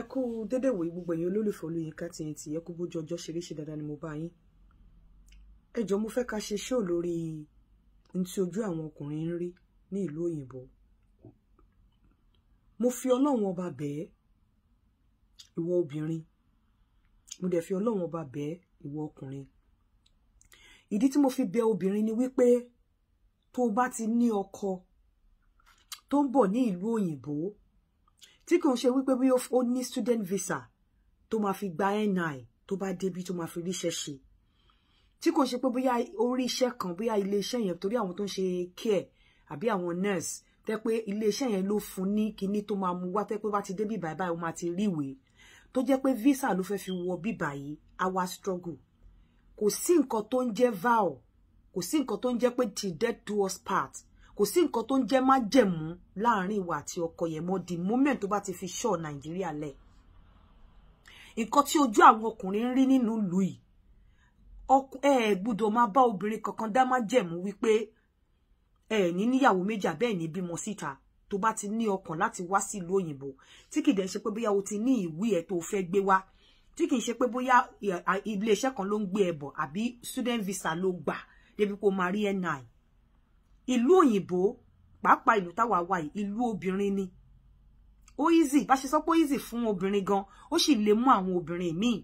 ẹ kú dédé wòye gbogbo ẹ̀yin olólùfẹ́ olóyinka tìyẹn tì ẹ kú bójú ọjọ́ ṣeréṣe dáadáa ni mo bá yín ẹ jọ mo fẹ́ ká ṣe ṣóò lórí n tí ojú àwọn ọkùnrin ń rí ní ìlú òyìnbó mo fi ọlọ́run ọba bẹ́ẹ̀ ìwọ obìnrin mo dẹ̀ fi ọlọ́run ọba bẹ́ẹ̀ ìwọ ọkùnrin ìdí tí mo fi bẹ obìnrin ni wípé tó o bá ti ní ọkọ tó ń bọ̀ ní ìlú òyìnbó tí kò ṣe wípé bí ó ní student visa tó máa fi gba NI tó bá débi tó máa fi ríṣẹ́ ṣe tí kò ṣe pé bóyá orí iṣẹ́ kan bóyá ilé iṣẹ́ yẹn torí àwọn tó ń ṣe care àbí àwọn nurse tẹ pé ilé iṣẹ́ yẹn ló fún ní kinní tó máa mú wá tẹ pé bá ti dé bíbá báyìí máa ti ríwèé tó jẹ́ pé visa ló fẹ́ fi wọ bíbá yìí àwa struggle kò sí nǹkan tó ń jẹ́ vow kò sí nǹkan tó ń jẹ́ pé till death do us part kò sí nǹkan tó ń jẹ́ májẹ̀mú láàrin ìwà àti ọkọ yẹn mọ́ the moment tó bá ti fi ṣọ́ nàìjíríà lẹ̀ nǹkan tí ojú àwọn ọkùnrin ń rí nínú ìlú yìí ẹ ẹ gbúdọ̀ máa bá obìnrin kankan dá májẹ̀mú wípé ẹ ní níyàwó méjì àbẹ́ẹ̀ ní bímọ síta tó bá ti ní ọkàn láti wá sílùú òyìnbó tí kìí dẹ̀ ṣe pé bóyá o ti ní ìwé ẹ̀ tó fẹ́ gbé wá tí kìí ṣe pé bóyá iléeṣẹ́ kan ló ń gbé ẹ bọ̀ àbí student visa ló gbà débi kó máa rí ẹ̀ náà ìlú òyìnbó pàápàá ìlú táwa wà ìlú obìnrin ni ó easy bá ṣe sọ pé easy fún obìnrin gan ó sì lè mú àwọn obìnrin míì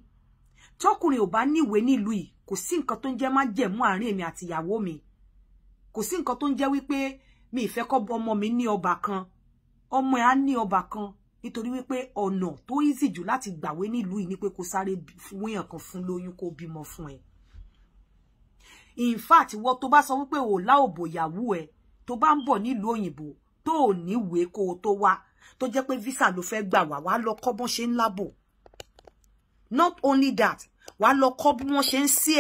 tọkùnrin ò bá níwèé nílùú yìí kò sí nǹkan tó ń jẹ́ májẹ̀mú àárín èmi àti mi kò sí nǹkan tó ń jẹ́ wípé mi ìfẹ́ kọ́ ọmọ mi ní ọba kan ọmọ ẹ̀ á ní ọba kan nítorí wípé ọ̀nà tó easy jù láti gbàwé nílùú yìí ni pé kó sáré wíyàn kan fún lóyún kó bímọ fún ẹ in fact ìwọ tó bá sọ wípé ò láòbò ìyàwó ẹ tó bá ń bọ̀ nílùú òyìnbó tó ò níwèé kó o tó wá tó jẹ́ pé visa ló fẹ́ gbà wá wá lọ kọ́ bọ́n ṣe ń not only that wá lọ kọ́ bí wọ́n ṣe ń sí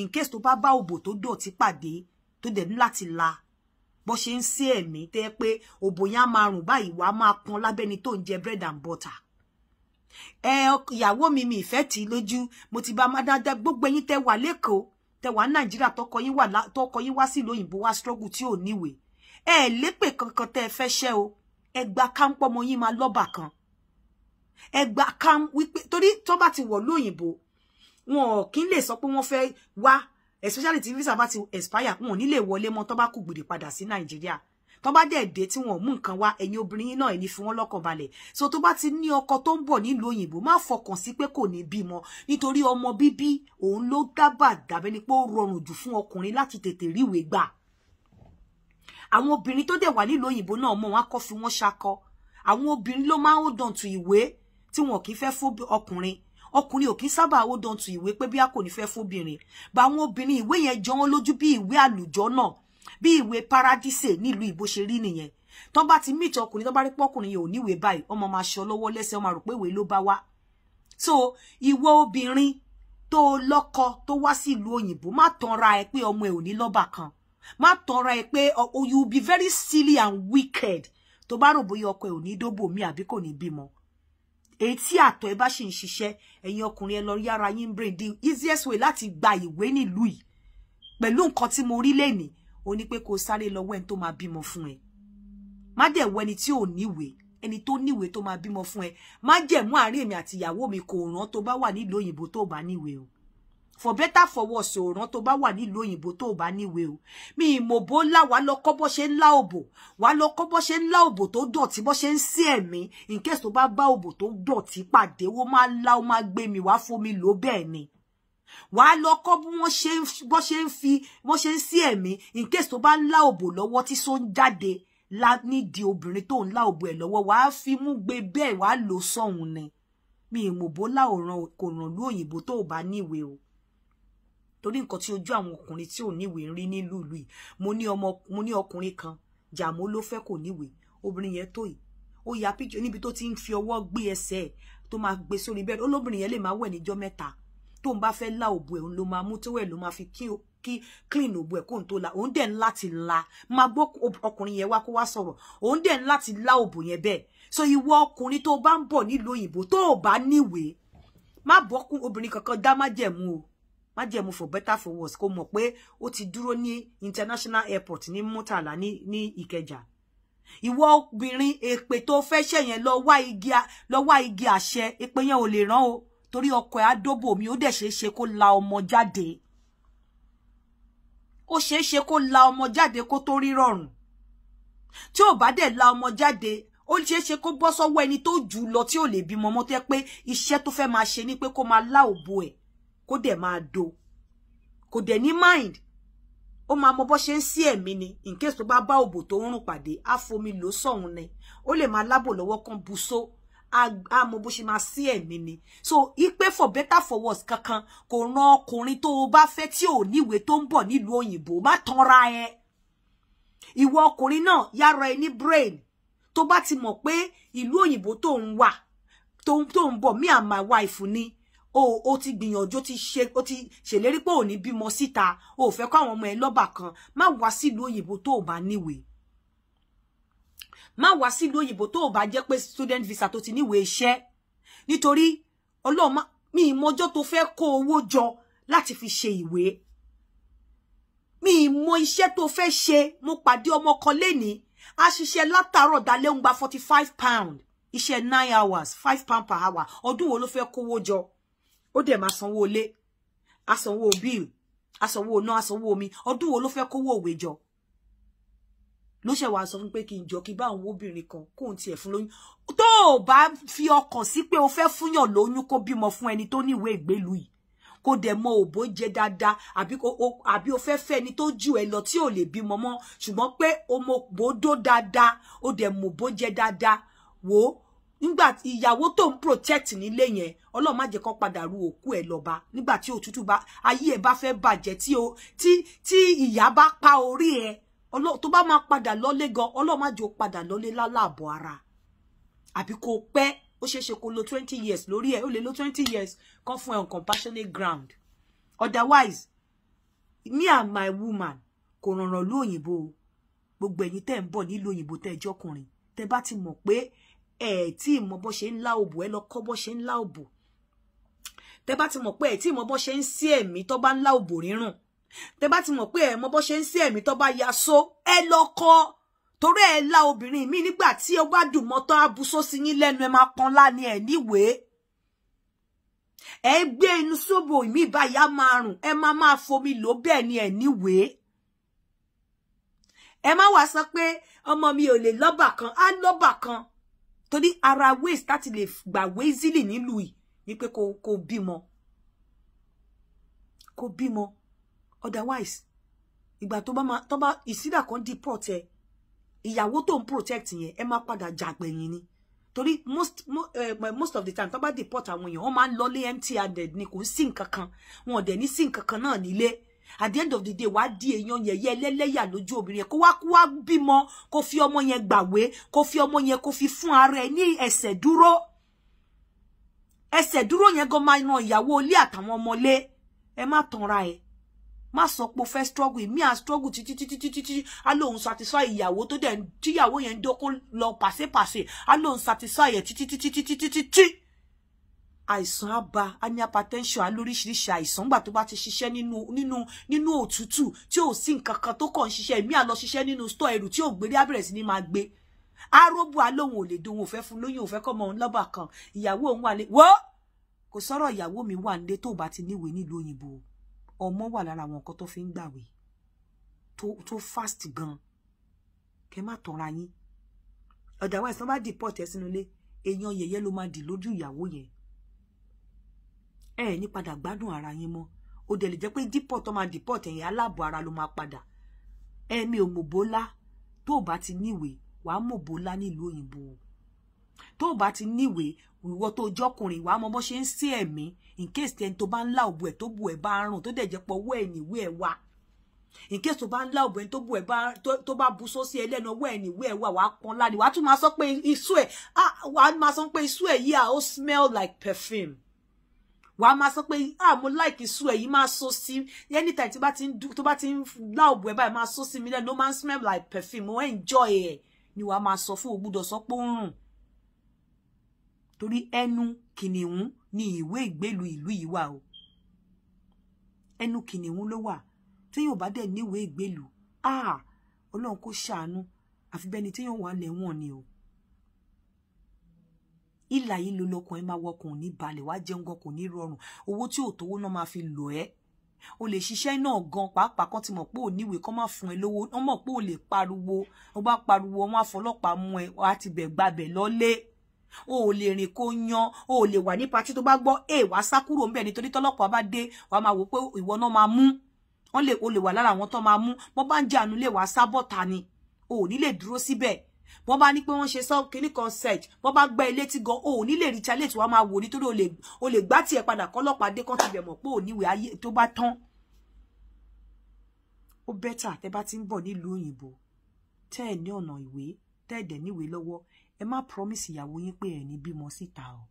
in case tó bá bá òbò tó dọ̀tí pàdé tó dẹ̀ ní láti la bó ṣe ń sí ẹ̀mí tẹ́ pé òbò yẹn á máa rùn báyìí wàá máa pọn lábẹ́ni bread and butter Eh, Yawo mi mi ìfẹ́ tì í lójú mo ti bá má dáadáa gbogbo ẹ̀yin tẹ́ wà lẹ́kọ̀ọ́ tẹwà nàìjíríà tọkọ yín wà tọkọ yín wá sílùú òyìnbó wa struggle tí ò níwèé ẹ lépè kankan tẹ ẹ fẹ́ ṣẹ́ o ẹ gba káńpọ̀ ọmọ yín máa lọ́bà kan ẹ gba kám wípé torí tó bá ti wọ̀ lóyìnbó wọn ò kí n lè sọ pé wọ́n fẹ́ especially tí visa bá ti expire wọn ò le lè wọlé mọ́ tó bá kù gbèrè padà sí tó bá dẹ̀ dé tí wọn ò mú nǹkan wá ẹ̀yin obìnrin náà ẹni fi wọ́n lọ́kàn balẹ̀ so tó bá ti ní ọkọ tó ń bọ̀ nílùú òyìnbó má fọkàn sí pé kò ní bímọ nítorí ọmọ bíbí òun ló dábà dàbẹ́ ni pé ó rọrùn jù fún ọkùnrin láti tètè ríwèé gbà àwọn obìnrin tó dẹ̀ wà nílùú òyìnbó náà mọ̀ wọn á kọ́ fi wọ́n ṣakọ àwọn obìnrin ló máa ń hold on to ìwé tí wọn kì í fẹ́ fún ọkùnrin ọkùnrin ò kí sábà hold on to ìwé pé bí a kò ní fẹ́ fóbìnrin bá àwọn obìnrin ìwé yẹn jọ wọn lójú bí ìwé àlùjọ náà bí ìwé paradise nílùú ìbò ṣe rí nìyẹn tó bá ti meet ọkùnrin tó bá rí pọ́kùnrin yẹn ò níwèé báyìí ọmọ máa ṣọ lọ́wọ́ lẹ́sẹ̀ ọmọ rò pé ìwé ló bá wá so ìwọ obìnrin tó lọ́kọ tó wá sí ìlú òyìnbó má tanra ẹ pé ọmọ ẹ ò ní lọ́bà kan má tanra ẹ pé oh, you be very silly and wicked tó bá rò bóyá ọkọ ẹ ò ní dóbò mi àbí kò ní bímọ èyí tí àtọ̀ ẹ bá ṣì ń ṣiṣẹ́ ẹ̀yin ọkùnrin ẹ lọ rí ara yín brain the easiest way láti gba ìwé nílùú yìí pẹ̀lú nǹkan tí mo rí lénìí Oni ní pé kó lo lọ wẹ́n tó máa bímọ fún ẹ má dẹ̀ wọ ẹni tí ò níwèé ẹni tó níwèé tó máa bímọ fún ẹ má jẹ̀mú àárín èmi àti ìyàwó mi kò ràn tó bá wà nílùú òyìnbó tó bá níwèé o for better for worse ò ràn tó bá wà nílùú òyìnbó tó bá níwèé o mi ìmọ̀ bó ńlá wàá lọ kọ́ bọ́ ṣe ńlá òbò wàá lọ kọ́ bọ́ ṣe ńlá òbò tó dọ̀tí bọ́ ṣe ń sí in case tó bá bá òbò tó dọ̀tí pàdé ó máa ńlá ó máa gbé mi wàá fomi lò bẹ́ẹ̀ ni wàá lọ kọ́ bí wọ́n ṣe bọ́ ṣe ń fi wọ́n ṣe ń sí ẹ̀mí in case tó bá ń lá òbò lọ́wọ́ tí so ń jáde lá nídìí obìnrin tó ń lá òbò ẹ̀ lọ́wọ́ wàá fi mú gbé bẹ́ẹ̀ wàá lò sọ̀hún ni mi ìmọ̀ bó láòrán kò ràn lú òyìnbó tó bá níwèé o torí nǹkan tí ojú àwọn ọkùnrin tí ò níwèé ń rí nílùú ìlú yìí mo ní ọmọ mo ní ọkùnrin kan jàmó ló fẹ́ kò níwèé obìnrin yẹn tó yìí ó ya píjọ níbi tó ti ń fi ọwọ́ gbé ẹsẹ̀ tó máa gbé sórí bẹ́ẹ̀ olóbìnrin yẹn lè máa wẹ̀ níjọ́ mẹ́ta tó ń bá fẹ́ la òbò ẹ̀ òun ló máa mú tówẹ̀ ló máa fi kí kí clean òbò ẹ̀ kó n tó la òun dẹ̀ ń láti la máa gbọ́ ọkùnrin yẹn wá kó wá sọ̀rọ̀ òun dẹ̀ ń láti la òbò yẹn bẹ́ẹ̀ so ìwọ ọkùnrin tó bá ń bọ̀ nílùú òyìnbó tó ò bá níwèé má bọ́kún obìnrin kankan dá má jẹ̀mú o má jẹ̀mú for better for worse kó mọ̀ pé ó ti dúró ní international airport ní Murtala ní ní Ìkẹjà ìwọ obìnrin èpè tó fẹ́ ṣẹ̀yẹn lọ wá igi àṣẹ èpè yẹn ò lè rán o torí ọkọ ẹ̀ adóbò mi ó dẹ̀ ṣeé ṣe kó la ọmọ jáde ó ṣeé ṣe kó la ọmọ jáde kó tó rí rọrùn tí ò bá dẹ̀ la ọmọ jáde ó ṣeé ṣe kó bọ́ sọ́wọ́ ẹni tó jù lọ tí ò lè bímọ mọ́ tẹ́ pé iṣẹ́ tó fẹ́ máa ṣe ni pé kó máa lá òbo ẹ̀ kó dẹ̀ máa do kò dẹ̀ ní mind ó máa mọ bó ṣe ń sí ẹ̀mí ni in case tó bá bá òbò tó ń rùn pàdé á fomi lò sọ̀hún ni ó lè máa lábò lọ́wọ́ kan buṣó a mọ bó ṣe máa sí ẹ̀mí ni so ipe for better for worse kankan kò ran ọkùnrin tó o bá fẹ́ tí ò níwèé tó ń bọ̀ nílùú òyìnbó má tanra ẹ ìwọ ọkùnrin náà yára ẹ brain tó bá ti mọ̀ pé ìlú òyìnbó tó ń wà tó ń me and my wife ni o o ti gbìyànjú ti ṣe o ti ṣèlérí pé ò ní bímọ síta o ò fẹ́ kó àwọn ọmọ ẹ lọ́bà kan ma wá sílùú òyìnbó tó o bá níwèé Ma wá sílùú òyìnbó tó o bá jẹ́ pé student visa tó ti níwèé iṣẹ́ nítorí ọlọ́ọ̀má mi ìmọjọ́ tó fẹ́ kó owó jọ láti fi ṣe ìwé mi ìmọ̀ iṣẹ́ tó fẹ́ ṣe mo pàdé ọmọ kan lénìí a ṣiṣẹ́ látàárọ̀ dalẹ́ ń gba forty five pound iṣẹ́ nine hours five pound per hour ọdún wo ló fẹ́ kówó jọ ó dẹ̀ máa sanwó ilé asanwó bill asanwó iná asanwó omi ọdún wo ló fẹ́ kówó òwe jọ ló ṣe wàá sọ fún pé kí n jọ kí bá àwọn obìnrin kan kóun tiẹ̀ fún lóyún tó o bá fi ọkàn sí pé o fẹ́ fúnyàn lóyún kó bímọ fún ẹni tó ní ìwé ìgbélú yìí kó dẹ̀ mọ òbó jẹ dáadáa àbí o fẹ́ fẹ́ ẹni tó jù ẹ lọ tí ò lè bímọ mọ́ ṣùgbọ́n pé o mọ bòódó dáadáa o dẹ̀ mọ òbó jẹ dáadáa wò ó nígbà ìyàwó tó ń protect nílé yẹn ọlọ́run má jẹ́ kó padà ru òkú ẹ̀ lọ́ba nígbà tí òtútù bá ayé ẹ̀ bá fẹ́ bàjẹ́ tí ìyá bá pa orí ẹ̀ tó bá máa padà lọ́lé gan ọlọ́run má jò padà lọ́lé lálàbọ̀ ara àbí kò pẹ́ ó ṣeé ṣe kó lo twenty years lórí ẹ̀ ó lè lo twenty years kan fún ẹ on compassionate ground otherwise me and my woman kò rànràn ló òyìnbó gbogbo ẹ̀yin tẹ́ ń bọ̀ nílùú òyìnbó tẹ́ ẹ jọkùnrin tẹ́ bá ti mọ̀ pé ẹ̀ tí ì mọ bó ṣe ń lá òbò ẹ lọ kọ́ bó ṣe ń lá òbò tẹ́ bá ti mọ̀ pé ẹ̀ tí ì mọ ṣe ń sí ẹ̀mí tó bá ń lá òbò rírùn tẹ́ bá ti mọ̀ pé ẹ mọ bó ṣe ń sí ẹ̀mí tó bá ya so ẹ lọ́kọ torí ẹ la obìnrin mi nígbà tí ó bá dùn mọ́ tán abusó sí yín lẹ́nu ẹ máa kan lá ní ẹ̀ níwèé ẹ gbé inú sóbò ìmí ìbáyá máa rùn ẹ máa máa fomi lò bẹ́ẹ̀ ni e niwe ẹ má wàá sọ pé ọmọ mi ò lè lọ́bà kan á lọ́bà kan torí ara waste láti le gbà wezili ni lui ni pé kò bímọ kò bímọ otherwise ìgbà tó bá ma tó bá ìsídà kan deport ẹ ìyàwó tó ń protect yẹn ẹ máa padà jàgbẹ̀yìn ni torí most mo, uh, most of the time tó bá deport àwọn èèyàn wọ́n máa ń lọlé empty handed ni kò sí nǹkan kan wọn ò dẹ̀ ní sí nǹkan kan at the end of the day wàá di èèyàn yẹn Ye ẹlẹ́lẹ́yà lójú obìnrin yẹn kó wá kó wá bímọ kó fi ọmọ yẹn gbàwé kó fi ọmọ yẹn kó fi fún ara ẹ ní ẹsẹ̀ dúró ẹsẹ̀ dúró yẹn gan máa ran ìyàwó ilé àtàwọn ọmọ ilé ẹ má tanra ẹ má sọ pé o fẹ́ struggle èmi à struggle títí títí títí títí á lóun satisfy ìyàwó tó dẹ̀ tíyàwó yẹn ń dókó lọ pàṣẹpàṣẹ á lóun satisfy ẹ̀ títí títí títí títí tí àìsàn àbá a ní hypertension a lóríṣiríṣi àìsàn gbà tó bá ti ṣiṣẹ́ nínú nínú nínú òtútù tí ò sí nǹkan kan tó kàn ṣiṣẹ́ èmi à lọ ṣiṣẹ́ nínú store ẹrù tí ò gbére á sí ni máa gbé arógbó alóhun ò lè dun òun ò fẹ́ fún lóyún òun fẹ́ kọ́ ọmọ òun lọ́bà kan ìyàwó òun wà lé wọ́ kò sọ̀rọ̀ ìyàwó mi wà nílé tó ọmọ wà lára àwọn nǹkan tó fi ń gbàwé tó fast gan kẹ má tọra yín otherwise wọ́n bá deport ẹ sínú ilé èèyàn yẹ̀yẹ́ ló máa dì lójú ìyàwó yẹn ẹ ní padà gbádùn ara yín mọ́ ó dẹ̀ lè jẹ́ pé deport tó máa deport ẹ̀yìn aláàbọ̀ ara ló máa padà ẹ̀mí ò mòbólá tó o bá ti níwèé wàá mòbólá nílùú òyìnbó o To bá ti níwèé ìwọ tó jọkùnrin ìwà ọmọ bó ṣe ń sí in case tẹni tó bá ń lá òbú to tó bu ẹ̀ bá ń rùn tó dẹ̀ jẹ́ pọ̀ owó ẹ̀ níwé ẹ̀ in case to bá ń lá òbú ẹ̀ tó bu ba bá tó bá bu sósì ẹ̀ we owó ẹ̀ wa ẹ̀ wá wàá pọn láàrin wàá tún máa sọ pé iṣu ẹ̀ ah, wàá máa sọ pé iṣu ẹ̀ yíyà ah, ó smell like perfume Wa máa sọ pé ah mo like iṣu ẹ̀ yìí máa so sí anytime tó bá ti ń tó bá ti ń lá òbú ẹ̀ báyìí so sí mi lẹ́nu ó máa smell like perfume mo enjoy ẹ̀ ni wa máa sọ fún ògbúdọ̀ sọ pé ó ń torí ẹnu kìnìún ni ìwé ìgbélú ìlú yìí wà o ẹnu kìnìún ló wà téèyàn bá dẹ̀ níwèé ìgbélú ah ọlọ́run kò ṣàánú àfi bẹ́ni téèyàn wà lẹ́wọ̀n ni o ìlà yìí ló lọkùnrin máa wọkùn ní balẹ̀ wá jẹun gan kò ní rọrùn owó tí ò tówó náà máa fi lò ẹ́ o lè ṣiṣẹ́ náà gan pàápàá kan ti mọ̀ pé ò níwèé kán má fún ẹ lówó wọ́n mọ̀ pé ò lè pariwo wọ́n bá pariwo wọ́n á fọlọ́pàá mú ẹ wọ́n ti bẹ̀ gbabẹ̀ lọ́lé o le lè rìn kó yan o ò lè wà ní patí tó bá gbọ́ ẹ wàá sá kúrò ńbẹ̀ nítorí tọ́lọ́pàá bá dé wàá máa wò pé ìwọ náà máa mú wọn lè o lè wà lára àwọn tó máa mú wọn bá ń jẹ ànulẹ̀ wàá sá ni o ò ní lè dúró síbẹ̀ wọ́n bá ní pé wọ́n ṣe sọ kínní kan search wọ́n bá gbẹ́ ilé tí gan o ò ní lè rí chalé tí wọ́n máa wò nítorí o lè gbá tiẹ̀ padà kọ́lọ́pàá dé kán ti bẹ̀ mọ̀ pé ò níwèé ayé tó bá tán ó bẹ́tà tẹ́ bá ti ń bọ̀ nílùú òyìnbó tẹ́ ẹ̀ ní ọ̀nà ìwé tẹ́ ẹ̀ dẹ̀ níwèé ẹ má promise ìyàwó yín pé ẹ ní bímọ síta o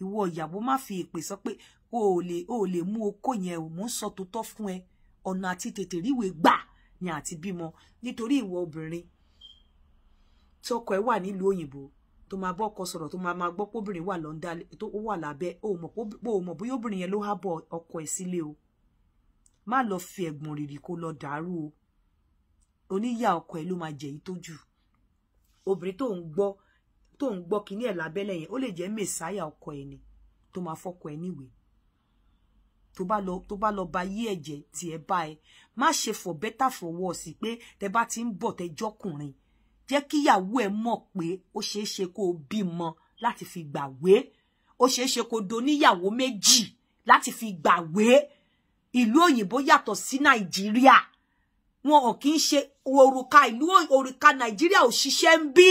ìwọ ìyàwó má fi èpè sọ pé o ò lè o ò lè mú okó yẹn o mò ń sọ tòótọ́ fún ẹ ọ̀nà àti tètè ríwe gbà ni àti bímọ nítorí ìwọ obìnrin tọkọ ẹ wà nílùú òyìnbó tó máa bọ́ ọkọ sọ̀rọ̀ tó máa máa gbọ́ póbìnrin wà lọ́ndà tó wà lábẹ́ o mọ̀ bóyá obìnrin yẹn ló há bọ̀ ọkọ ẹ̀ sílé o má lọ fi ẹ̀gbọ̀n rìrì kó lọ dàrú o oníyà ọkọ ẹ̀ ló máa jẹ̀yí tó jù obìnrin tó ń gbọ́ tó ń gbọ́ kinní ẹ̀ lábẹ́lẹ̀ yẹn ó lè jẹ́ mẹ̀sáyà ọkọ ẹ̀ ni tó máa fọ́kọ ẹ̀ níwèé tó bá lọ tó bá lọ ba yí ẹ̀jẹ̀ tí ẹ bá ẹ má ṣe for better for worse pé tẹ bá ti ń bọ̀ tẹjọ́kùnrin jẹ́ kíyàwó ẹ mọ̀ pé ó ṣeé ṣe kó o bímọ láti fi gbàwé ó ṣeé ṣe kó o doníyàwó méjì láti fi gbàwé ìlú òyìnbó yàtọ̀ sí nàìjíríà wọn ò kí ń ṣe òrùka ìlú òrùka nàìjíríà ò ṣiṣẹ́ ń bí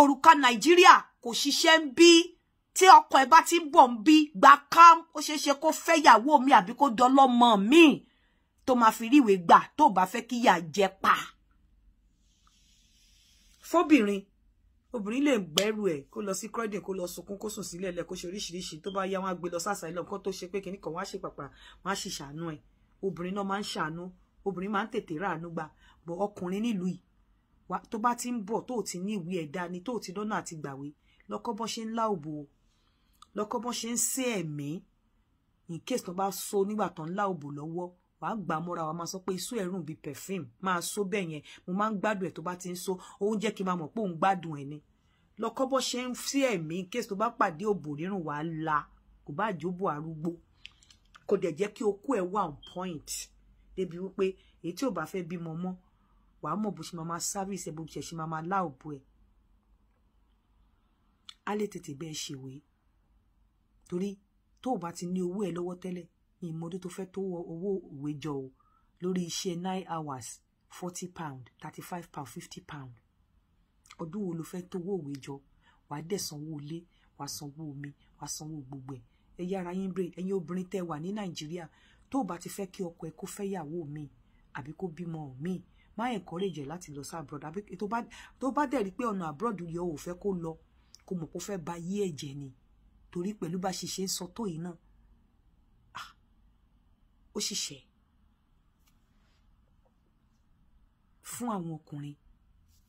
òrùka nàìjíríà kò ṣiṣẹ́ ń bí tí ọkọ ẹ bá ti ń bọ̀ ń gba kám ó ṣeé ṣe kó fẹ́ yàwó mi àbí kó dọlọ́mọ mi tó máa fi ríwèé gbà tó bá fẹ́ kí yà jẹ pa fóbìnrin obìnrin lè gbẹ́rù ẹ̀ kó lọ sí crowding kó lọ sunkún kó sùn sílẹ̀ lẹ̀ kó ṣe oríṣiríṣi tó bá yá wọn á gbé lọ sásà ilé ọkọ tó ṣe pé kan wọn á ṣe pàpà wọn á ṣì obìnrin náà máa ń ṣàánú obìnrin máa ń tètè ráàánú gbà bọ ọkùnrin nílùú yìí wa tó bá ti ń bọ̀ tó ti ní ìwé ẹ̀dá ni tó ti dọ́nà àti gbàwé lọ́kọ́ bọ́n ṣe ń lá òbò lọ́kọ́ bọ́n ṣe ń sé ẹ̀mí in case tó bá so nígbà tó ń lá òbò lọ́wọ́ wàá gbà mọ́ra wàá máa sọ pé iṣu ẹ̀rùn bíi perfume máa so bẹ́ẹ̀ yẹn mo máa ń gbádùn ẹ̀ tó bá ti ń so òun jẹ́ kí n máa mọ̀ pé òun gbádùn ẹ̀ ni lọ́kọ́ bọ́n ṣe ń sí ẹ̀mí in case tó bá pàdé òbò rírùn wàá la kò bá jóbò arúgbó Ko dẹ̀ jẹ́ ki oku e wà on point débi wípé èyí tí ò bá fẹ́ bímọ mọ́ wàá mọ̀ bó ṣe máa máa service ẹ̀ bó ṣe ṣe máa máa láòbò ẹ̀ á lè tètè bẹ́ẹ̀ ṣèwé torí tó o bá ti ní owó ẹ̀ lọ́wọ́ tẹ́lẹ̀ ní ìmọ̀ọ́dún tó fẹ́ tó owó ìwé jọ o lórí iṣẹ́ hours forty pound thirty five pound fifty pound Odu wo fe to tówó ìwé jọ wàá dẹ̀ sanwó ilé wàá sanwó omi wàá sanwó gbogbo ẹ yára yín brain ẹ̀yin obìnrin tẹ́ wà ní nàìjíríà tó o bá ti fẹ́ kí ọkọ ẹ kó fẹ́ yàwó mi àbí kó bímọ mi má encourage ẹ láti lọ sí abroad àbí tó bá dẹ̀ rí pé ọ̀nà abroad yọ ò fẹ́ kó lọ kó mọ̀ kó fẹ́ ba yí ẹ̀jẹ̀ ni torí pẹ̀lú bá ṣiṣẹ́ ń sọ tó yìí náà ah, ó ṣiṣẹ́ fún àwọn ọkùnrin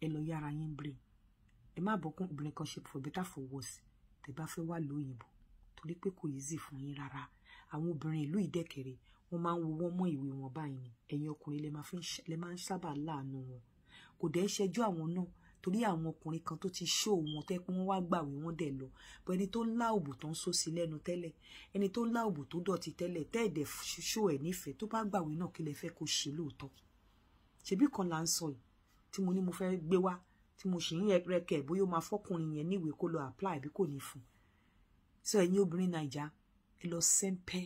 ẹ lọ yára yín brain ẹ má bọ́ kún obìnrin kan ṣe for better for worse tẹ́ bá fẹ́ wà lóyìnbó torí pé kò easy fún yín rárá àwọn obìnrin ìlú ìdẹ́kẹ̀rẹ̀ wọ́n máa ń wo wọ́n mọ́ ìwé wọn báyìí ni ẹ̀yin ọkùnrin lẹ máa ń sábà láàánú wọn kò dẹ́ ṣẹjú àwọn náà torí àwọn ọkùnrin kan tó ti ṣó wọn tẹ́ pé wọ́n wá gbàwé wọn dẹ̀ lọ bọ́ ẹni tó lá òbò tó ń só sí lẹ́nu tẹ́lẹ̀ ẹni tó lá òbò tó dọ̀tí tẹ́lẹ̀ tẹ́ ẹ̀dẹ̀ ṣó ẹ̀ nífẹ̀ẹ́ tó bá gbàwé náà kí lẹ fẹ́ kó ṣe lóòótọ́ ṣebí kan là ń sọ yìí tí mo ní mo fẹ́ gbé wá tí mo sì ń rẹkẹ̀ bóyá ó máa fọ́kùnrin yẹn níwèé kó lọ apply àbí kò ní fún un so ẹ̀yin obìnrin naija ẹ lọ sẹ́ńpẹ́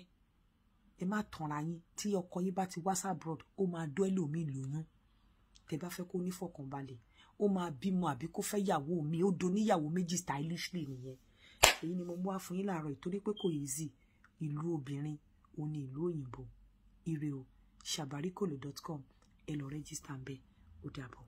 ẹ má tanra yín tí ọkọ yín bá ti wá sábrọd ó máa dọ́ ẹlòmíì lóyún tẹ bá fẹ́ kó nífọ̀kànbalẹ̀ ó máa bímọ àbí kó fẹ́ yàwó mi ó do níyàwó méjì stylishly nìyẹn èyí ni mo mú wá fún yín láàárọ̀ ìtorí pé kò easy ìlú obìnrin òun ni ìlú òyìnbó ire o shabarikolo dot com ẹ lọ rẹ́gísítà ń bẹ́ẹ̀ ó dàbọ̀.